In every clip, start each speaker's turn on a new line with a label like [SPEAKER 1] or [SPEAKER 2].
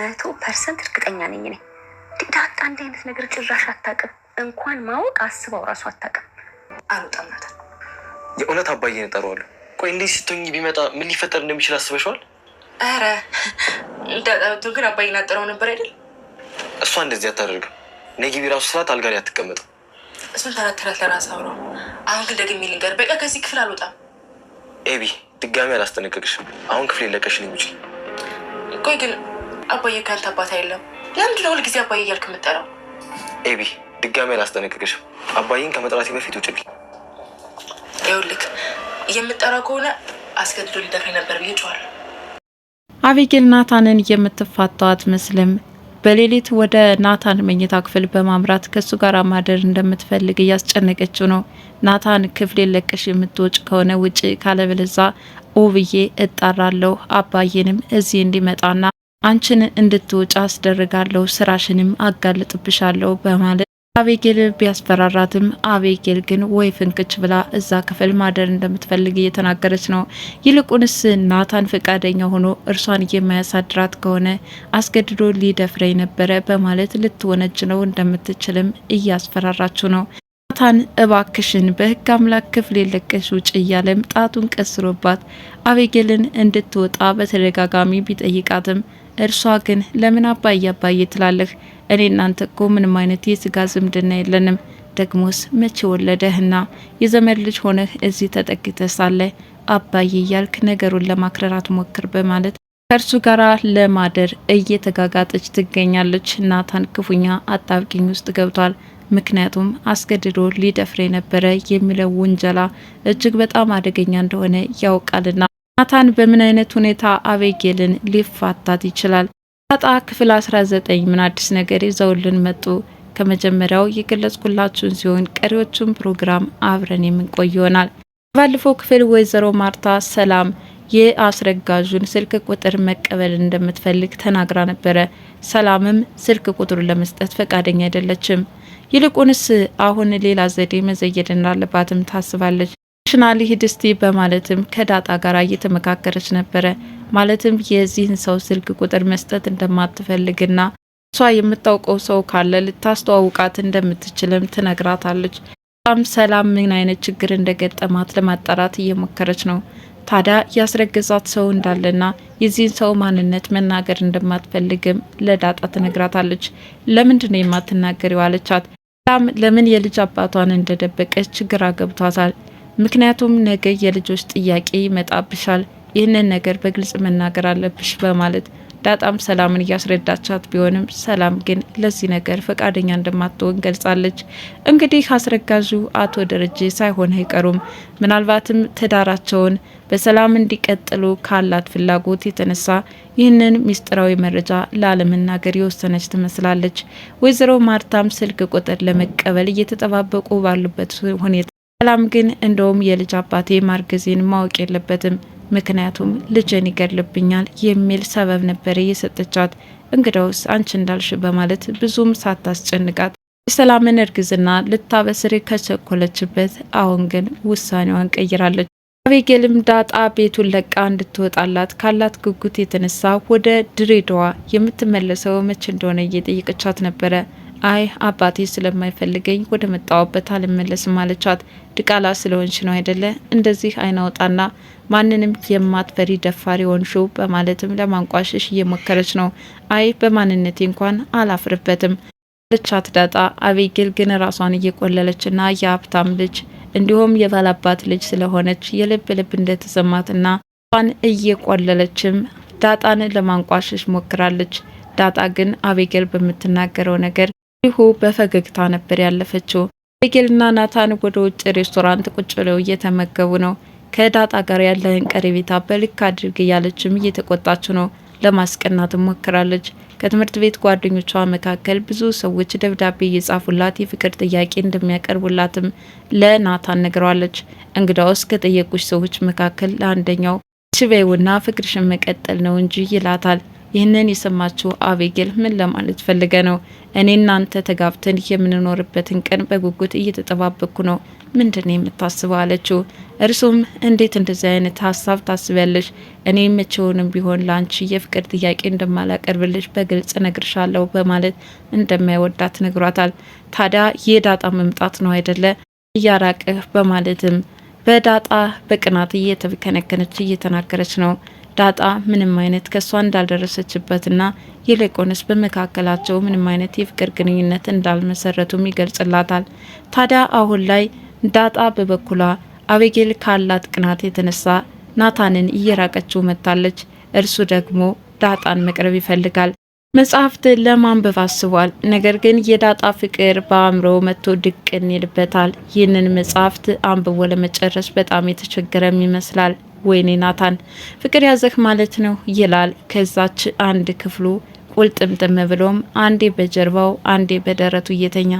[SPEAKER 1] መቶ ፐርሰንት እርግጠኛ ነኝ እኔ ዳጣ አንድ አይነት ነገር ጭራሽ አታውቅም። እንኳን ማወቅ አስበው ራሱ አታውቅም። አልወጣም
[SPEAKER 2] የእውነት አባዬን እጠራዋለሁ። ቆይ እንዴት ስትሆኝ ቢመጣ ምን ሊፈጠር እንደሚችል አስበሽዋል?
[SPEAKER 1] ኧረ ዳጣቱን ግን አባዬን አጠራው ነበር አይደል?
[SPEAKER 2] እሷ እንደዚህ አታደርግም። ነጊቢ ራሱ ስራት አልጋ ላይ አትቀመጥም።
[SPEAKER 1] እሱን ተረት ለራስ ለራስህ አሁን ግን ደግሜ ልንገር፣ በቃ ከዚህ ክፍል አልወጣም።
[SPEAKER 2] ኤቢ ድጋሚ አላስጠነቀቅሽም። አሁን ክፍል የለቀሽን የሚችል
[SPEAKER 1] ቆይ ግን አባዬ ከአንተ አባት አይደለም። ለምንድን ነው ሁልጊዜ አባዬ እያልክ የምጠራው?
[SPEAKER 2] ኤቢ ድጋሚ አላስጠነቅቅሽም። አባዬን ከመጥራቴ በፊት ውጭልኝ።
[SPEAKER 1] ይኸውልህ የምጠራው ከሆነ አስገድዶ ሊደፍረኝ ነበር ብዬ ጮኋለሁ።
[SPEAKER 3] አቢጌል ናታንን የምትፋታው አትመስልም። በሌሊት ወደ ናታን መኝታ ክፍል በማምራት ከእሱ ጋር ማደር እንደምትፈልግ እያስጨነቀችው ነው። ናታን ክፍሌ ለቀሽ የምትወጭ ከሆነ ውጭ፣ ካለበለዛ ኦብዬ እጣራለሁ አባዬንም እዚህ እንዲመጣና አንቺን እንድትወጪ አስደርጋለሁ፣ ስራሽንም አጋልጥብሻለሁ በማለት አቤጌል ቢያስፈራራትም አቤጌል ግን ወይ ፍንክች ብላ እዛ ክፍል ማደር እንደምትፈልግ እየተናገረች ነው። ይልቁንስ ናታን ፈቃደኛ ሆኖ እርሷን የማያሳድራት ከሆነ አስገድዶ ሊደፍረኝ ነበረ በማለት ነው እንደምትችልም እያስፈራራችሁ ነው። ናታን እባክሽን በህግ አምላክ ክፍል የለቀሽ ውጭ እያለም ጣቱን ቀስሮባት አቤጌልን እንድትወጣ በተደጋጋሚ ቢጠይቃትም እርሷ ግን ለምን አባዬ አባዬ ትላለህ? እኔ እናንተ እኮ ምንም አይነት የስጋ ዝምድና የለንም። ደግሞስ መቼ ወለደህና የዘመድ ልጅ ሆነህ እዚህ ተጠግተ ሳለ አባዬ እያልክ ነገሩን ለማክረራት ሞክር በማለት ከእርሱ ጋር ለማደር እየተጋጋጠች ትገኛለች። ናታን ክፉኛ አጣብቂኝ ውስጥ ገብቷል። ምክንያቱም አስገድዶ ሊደፍር የነበረ የሚለው ውንጀላ እጅግ በጣም አደገኛ እንደሆነ ያውቃልና ናታን በምን አይነት ሁኔታ አቤጌልን ሊፋታት ይችላል? ዳጣ ክፍል 19 ምን አዲስ ነገር ይዘውልን መጡ? ከመጀመሪያው የገለጽኩላችሁን ሲሆን ቀሪዎቹን ፕሮግራም አብረን የምንቆይ ይሆናል። ባለፈው ክፍል ወይዘሮ ማርታ ሰላም የአስረጋዡን ስልክ ቁጥር መቀበል እንደምትፈልግ ተናግራ ነበረ። ሰላምም ስልክ ቁጥሩን ለመስጠት ፈቃደኛ አይደለችም። ይልቁንስ አሁን ሌላ ዘዴ መዘየድ እንዳለባትም ታስባለች። ሽና ሊሂድ እስቲ በማለትም ከዳጣ ጋር እየተመካከረች ነበረ። ማለትም የዚህን ሰው ስልክ ቁጥር መስጠት እንደማትፈልግና እሷ የምታውቀው ሰው ካለ ልታስተዋውቃት እንደምትችልም ትነግራታለች። በጣም ሰላም ምን አይነት ችግር እንደገጠማት ለማጣራት እየሞከረች ነው። ታዲያ ያስረገዛት ሰው እንዳለና የዚህን ሰው ማንነት መናገር እንደማትፈልግም ለዳጣ ትነግራታለች። ለምንድን ነው የማትናገሪው አለቻት። ለምን የልጅ አባቷን እንደደበቀች ችግር አገብቷታል። ምክንያቱም ነገ የልጆች ጥያቄ ይመጣብሻል፣ ይህንን ነገር በግልጽ መናገር አለብሽ በማለት ዳጣም ሰላምን እያስረዳቻት ቢሆንም ሰላም ግን ለዚህ ነገር ፈቃደኛ እንደማትሆን ገልጻለች። እንግዲህ አስረጋዡ አቶ ደረጀ ሳይሆን አይቀሩም። ምናልባትም ትዳራቸውን በሰላም እንዲቀጥሉ ካላት ፍላጎት የተነሳ ይህንን ሚስጥራዊ መረጃ ላለመናገር የወሰነች ትመስላለች። ወይዘሮ ማርታም ስልክ ቁጥር ለመቀበል እየተጠባበቁ ባሉበት ሁኔታ ሰላም ግን እንደውም የልጅ አባቴ ማርገዜን ማወቅ የለበትም ምክንያቱም ልጅን ይገድልብኛል የሚል ሰበብ ነበር የሰጠቻት። እንግዳውስ አንቺ እንዳልሽ በማለት ብዙም ሳታስጨንቃት የሰላምን እርግዝና ልታበስር ከቸኮለችበት አሁን ግን ውሳኔዋን ቀይራለች። አቤጌልም ዳጣ ቤቱን ለቃ እንድትወጣላት ካላት ጉጉት የተነሳ ወደ ድሬዳዋ የምትመለሰው መቼ እንደሆነ እየጠየቀቻት ነበረ። አይ አባቴ ስለማይፈልገኝ ወደ መጣውበት አልመለስም አለቻት። ድቃላ ስለሆንሽ ነው አይደለ እንደዚህ አይናወጣና ማንንም የማትፈሪ ደፋሪ ሆንሽው በማለትም ለማንቋሸሽ እየሞከረች ነው። አይ በማንነቴ እንኳን አላፍርበትም አለቻት ዳጣ። አቤጌል ግን ራሷን እየቆለለችና የሀብታም ልጅ እንዲሁም የባላባት ልጅ ስለሆነች የልብ ልብ እንደተሰማትና ን እየቆለለችም ዳጣን ለማንቋሸሽ ሞክራለች። ዳጣ ግን አቤጌል በምትናገረው ነገር እንዲሁ በፈገግታ ነበር ያለፈችው። ቤጌልና ናታን ወደ ውጭ ሬስቶራንት ቁጭ ብለው እየተመገቡ ነው። ከዳጣ ጋር ያለህን ቀረቤታ በልክ አድርግ እያለችም እየተቆጣች ነው። ለማስቀናት ሞክራለች። ከትምህርት ቤት ጓደኞቿ መካከል ብዙ ሰዎች ደብዳቤ እየጻፉላት የፍቅር ጥያቄ እንደሚያቀርቡላትም ለናታን ነግረዋለች። እንግዳውስ ከጠየቁች ሰዎች መካከል ለአንደኛው ሽበይውና ፍቅርሽን መቀጠል ነው እንጂ ይላታል። ይህንን የሰማችው አቤጌል ምን ለማለት ፈልገ ነው? እኔ እናንተ ተጋብተን የምንኖርበትን ቀን በጉጉት እየተጠባበቅኩ ነው። ምንድን ነው የምታስበው? አለችው። እርሱም እንዴት እንደዚህ አይነት ሀሳብ ታስቢያለሽ? እኔ መቼውንም ቢሆን ለአንቺ የፍቅር ጥያቄ እንደማላቀርብልሽ በግልጽ ነግርሻለሁ በማለት እንደማይወዳት ነግሯታል። ታዲያ የዳጣ መምጣት ነው አይደለ እያራቅህ በማለትም በዳጣ በቅናት እየተከነከነች እየተናገረች ነው ዳጣ ምንም አይነት ከእሷ እንዳልደረሰችበትና ይልቁንስ በመካከላቸው ምንም አይነት የፍቅር ግንኙነት እንዳልመሰረቱም ይገልጽላታል። ታዲያ አሁን ላይ ዳጣ በበኩሏ አቤጌል ካላት ቅናት የተነሳ ናታንን እየራቀችው መጥታለች። እርሱ ደግሞ ዳጣን መቅረብ ይፈልጋል። መጽሐፍት ለማንበብ አስቧል። ነገር ግን የዳጣ ፍቅር በአእምሮ መጥቶ ድቅን ይልበታል። ይህንን መጽሐፍት አንብቦ ለመጨረስ በጣም የተቸገረም ይመስላል። ወይኔ ናታን ፍቅር ያዘህ ማለት ነው ይላል። ከዛች አንድ ክፍሉ ቁልጥምጥም ብሎም አንዴ በጀርባው አንዴ በደረቱ እየተኛ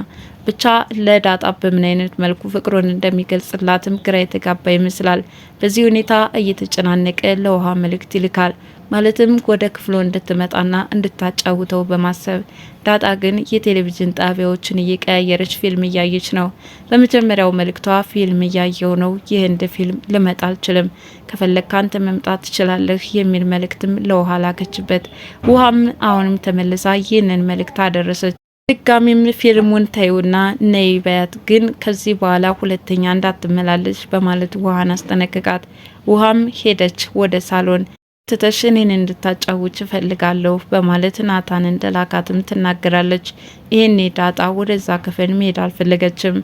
[SPEAKER 3] ብቻ ለዳጣ በምን አይነት መልኩ ፍቅሩን እንደሚገልጽላትም ግራ የተጋባ ይመስላል። በዚህ ሁኔታ እየተጨናነቀ ለውሃ መልእክት ይልካል። ማለትም ወደ ክፍሎ እንድትመጣና እንድታጫውተው በማሰብ ዳጣ ግን የቴሌቪዥን ጣቢያዎችን እየቀያየረች ፊልም እያየች ነው። በመጀመሪያው መልእክቷ ፊልም እያየው ነው፣ የህንድ ፊልም ልመጣ አልችልም፣ ከፈለግ ካንተ መምጣት ትችላለህ የሚል መልእክትም ለውሃ ላከችበት። ውሃም አሁንም ተመልሳ ይህንን መልእክት አደረሰች። ድጋሚም ፊልሙን ታዩና ነይ በያት፣ ግን ከዚህ በኋላ ሁለተኛ እንዳትመላለች በማለት ውሃን አስጠነቅቃት። ውሃም ሄደች ወደ ሳሎን ትተሽ እኔን እንድታጫውች እፈልጋለሁ በማለት ናታን እንደላካትም ትናገራለች። ይህኔ ዳጣ ወደዛ ክፍል መሄድ አልፈለገችም።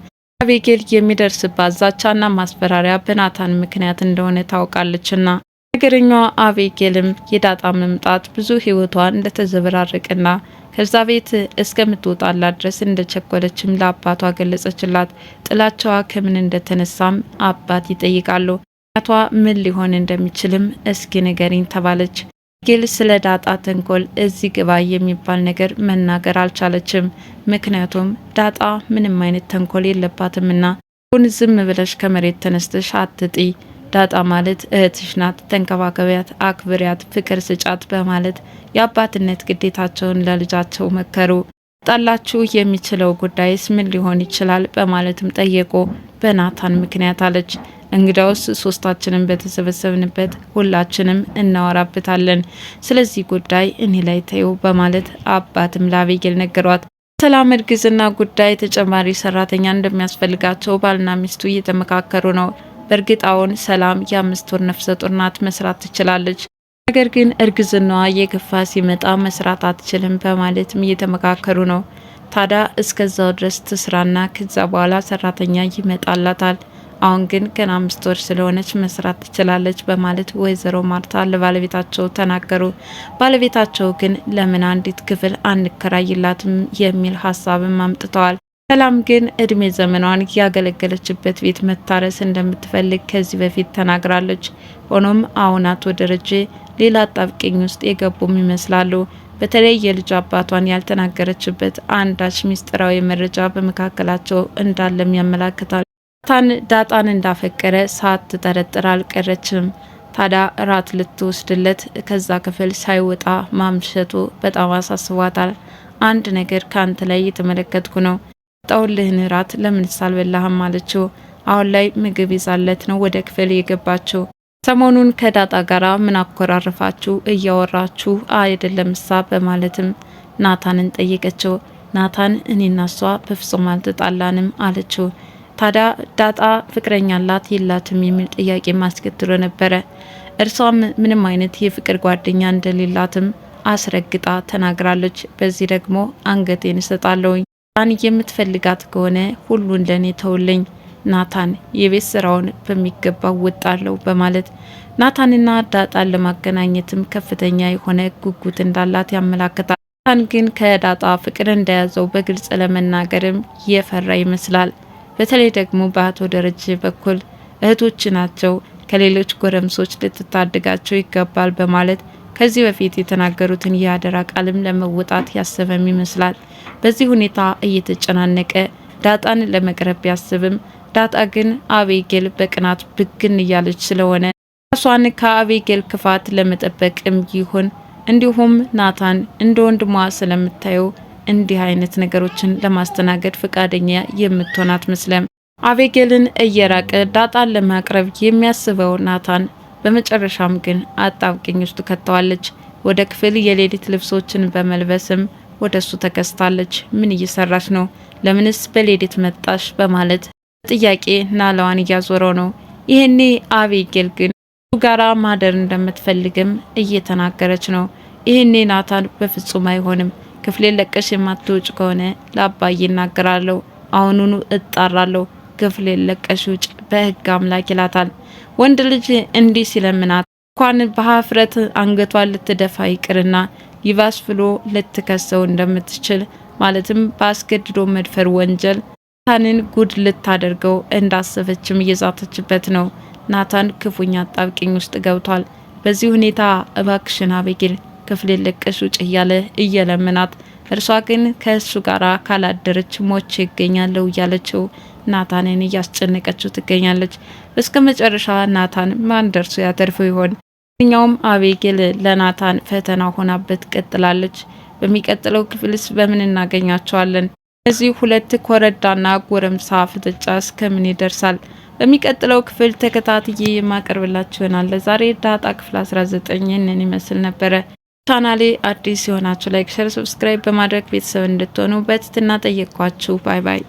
[SPEAKER 3] አቤጌል የሚደርስባት ዛቻና ማስፈራሪያ በናታን ምክንያት እንደሆነ ታውቃለችና ነገረኛዋ አቤጌልም የዳጣ መምጣት ብዙ ህይወቷ እንደተዘበራረቅና ከዛ ቤት እስከምትወጣላ ድረስ እንደቸኮለችም ለአባቷ ገለጸችላት። ጥላቸዋ ከምን እንደተነሳም አባት ይጠይቃሉ። ቷ ምን ሊሆን እንደሚችልም እስኪ ንገሪኝ ተባለች። ጌል ስለ ዳጣ ተንኮል እዚህ ግባ የሚባል ነገር መናገር አልቻለችም። ምክንያቱም ዳጣ ምንም አይነት ተንኮል የለባትምና ሁን ዝም ብለሽ ከመሬት ተነስተሽ አትጢ። ዳጣ ማለት እህትሽ ናት፣ ተንከባከቢያት፣ አክብሪያት፣ ፍቅር ስጫት በማለት የአባትነት ግዴታቸውን ለልጃቸው መከሩ። ጣላችሁ የሚችለው ጉዳይስ ምን ሊሆን ይችላል በማለትም ጠየቁ። በናታን ምክንያት አለች። እንግዳውስ ሶስታችንም በተሰበሰብንበት ሁላችንም እናወራበታለን። ስለዚህ ጉዳይ እኔ ላይ ተዩ በማለት አባትም ለአቤጌል ነገሯት። ሰላም እርግዝና ጉዳይ ተጨማሪ ሰራተኛ እንደሚያስፈልጋቸው ባልና ሚስቱ እየተመካከሩ ነው። በእርግጣውን ሰላም የአምስት ወር ነፍሰ ጡር ናት፣ መስራት ትችላለች። ነገር ግን እርግዝናዋ የገፋ ሲመጣ መስራት አትችልም በማለትም እየተመካከሩ ነው። ታዲያ እስከዛው ድረስ ትስራና ከዛ በኋላ ሰራተኛ ይመጣላታል። አሁን ግን ገና አምስት ወር ስለሆነች መስራት ትችላለች በማለት ወይዘሮ ማርታ ለባለቤታቸው ተናገሩ። ባለቤታቸው ግን ለምን አንዲት ክፍል አንከራይላትም የሚል ሀሳብም አምጥተዋል። ሰላም ግን እድሜ ዘመኗን ያገለገለችበት ቤት መታረስ እንደምትፈልግ ከዚህ በፊት ተናግራለች። ሆኖም አሁን አቶ ደረጀ ሌላ አጣብቂኝ ውስጥ የገቡም ይመስላሉ። በተለይ የልጅ አባቷን ያልተናገረችበት አንዳች ሚስጥራዊ መረጃ በመካከላቸው እንዳለም ያመላክታል። ናታን ዳጣን እንዳፈቀረ ሳትጠረጥር አልቀረችም። ታዲያ እራት ልትወስድለት ከዛ ክፍል ሳይወጣ ማምሸቱ በጣም አሳስቧታል። አንድ ነገር ከአንተ ላይ እየተመለከትኩ ነው፣ ጣውልህን እራት ለምን ሳልበላህም አለችው። አሁን ላይ ምግብ ይዛለት ነው ወደ ክፍል የገባችው። ሰሞኑን ከዳጣ ጋር ምን አኮራርፋችሁ እያወራችሁ አይደለም ሳ በማለትም ናታንን ጠየቀችው። ናታን እኔና እሷ በፍጹም አልተጣላንም አለችው። ታዲያ ዳጣ ፍቅረኛ አላት የላትም የሚል ጥያቄ ማስከትሎ ነበረ። እርሷም ምንም አይነት የፍቅር ጓደኛ እንደሌላትም አስረግጣ ተናግራለች። በዚህ ደግሞ አንገቴን እሰጣለሁኝ። ዳን የምትፈልጋት ከሆነ ሁሉን ለእኔ ተውልኝ፣ ናታን የቤት ስራውን በሚገባው ወጣለሁ በማለት ናታንና ዳጣን ለማገናኘትም ከፍተኛ የሆነ ጉጉት እንዳላት ያመላክታል። ናታን ግን ከዳጣ ፍቅር እንደያዘው በግልጽ ለመናገርም የፈራ ይመስላል። በተለይ ደግሞ በአቶ ደረጀ በኩል እህቶች ናቸው ከሌሎች ጎረምሶች ልትታደጋቸው ይገባል በማለት ከዚህ በፊት የተናገሩትን የአደራ ቃልም ለመወጣት ያሰበም ይመስላል። በዚህ ሁኔታ እየተጨናነቀ ዳጣን ለመቅረብ ቢያስብም ዳጣ ግን አቤጌል በቅናት ብግን እያለች ስለሆነ ራሷን ከአቤጌል ክፋት ለመጠበቅም ይሁን እንዲሁም ናታን እንደ ወንድሟ ስለምታየው እንዲህ አይነት ነገሮችን ለማስተናገድ ፈቃደኛ የምትሆን አትመስለም። አቤጌልን እየራቀ ዳጣን ለማቅረብ የሚያስበው ናታን በመጨረሻም ግን አጣብቂኝ ውስጥ ከተዋለች። ወደ ክፍል የሌሊት ልብሶችን በመልበስም ወደ እሱ ተከስታለች። ምን እየሰራች ነው? ለምንስ በሌሊት መጣሽ? በማለት ጥያቄ ናላዋን እያዞረው ነው። ይህኔ አቤጌል ግን እሱ ጋራ ማደር እንደምትፈልግም እየተናገረች ነው። ይህኔ ናታን በፍጹም አይሆንም ክፍሌን ለቀሽ የማትውጭ ከሆነ ለአባዬ ይናገራለሁ። አሁኑኑ እጣራለሁ። ክፍሌን ለቀሽ ውጭ፣ በህግ አምላክ ይላታል። ወንድ ልጅ እንዲህ ሲለምናት እንኳን በሀፍረት አንገቷን ልትደፋ ይቅርና ይባስ ብሎ ልትከሰው እንደምትችል ማለትም በአስገድዶ መድፈር ወንጀል ናታንን ጉድ ልታደርገው እንዳሰበችም እየዛተችበት ነው። ናታን ክፉኛ አጣብቂኝ ውስጥ ገብቷል። በዚህ ሁኔታ እባክሽን አበጊል ክፍል ልቅሽ ውጭ እያለ እየለመናት፣ እርሷ ግን ከእሱ ጋር ካላደረች ሞቼ ይገኛለሁ እያለችው ናታንን እያስጨነቀችው ትገኛለች። እስከ መጨረሻ ናታን ማን ደርሶ ያተርፈው ይሆን? ኛውም አቤጌል ለናታን ፈተና ሆናበት ቀጥላለች። በሚቀጥለው ክፍልስ በምን እናገኛቸዋለን? እነዚህ ሁለት ኮረዳና ጎረምሳ ፍጥጫ እስከምን ይደርሳል? በሚቀጥለው ክፍል ተከታትዬ የማቀርብላችሁ ይሆናል። ለዛሬ ዳጣ ክፍል 19 ይህንን ይመስል ነበረ። ቻናሌ አዲስ የሆናችሁ ላይክ፣ ሸር፣ ሰብስክራይብ በማድረግ ቤተሰብ እንድትሆኑ በትህትና ጠየቅኳችሁ። ባይ ባይ።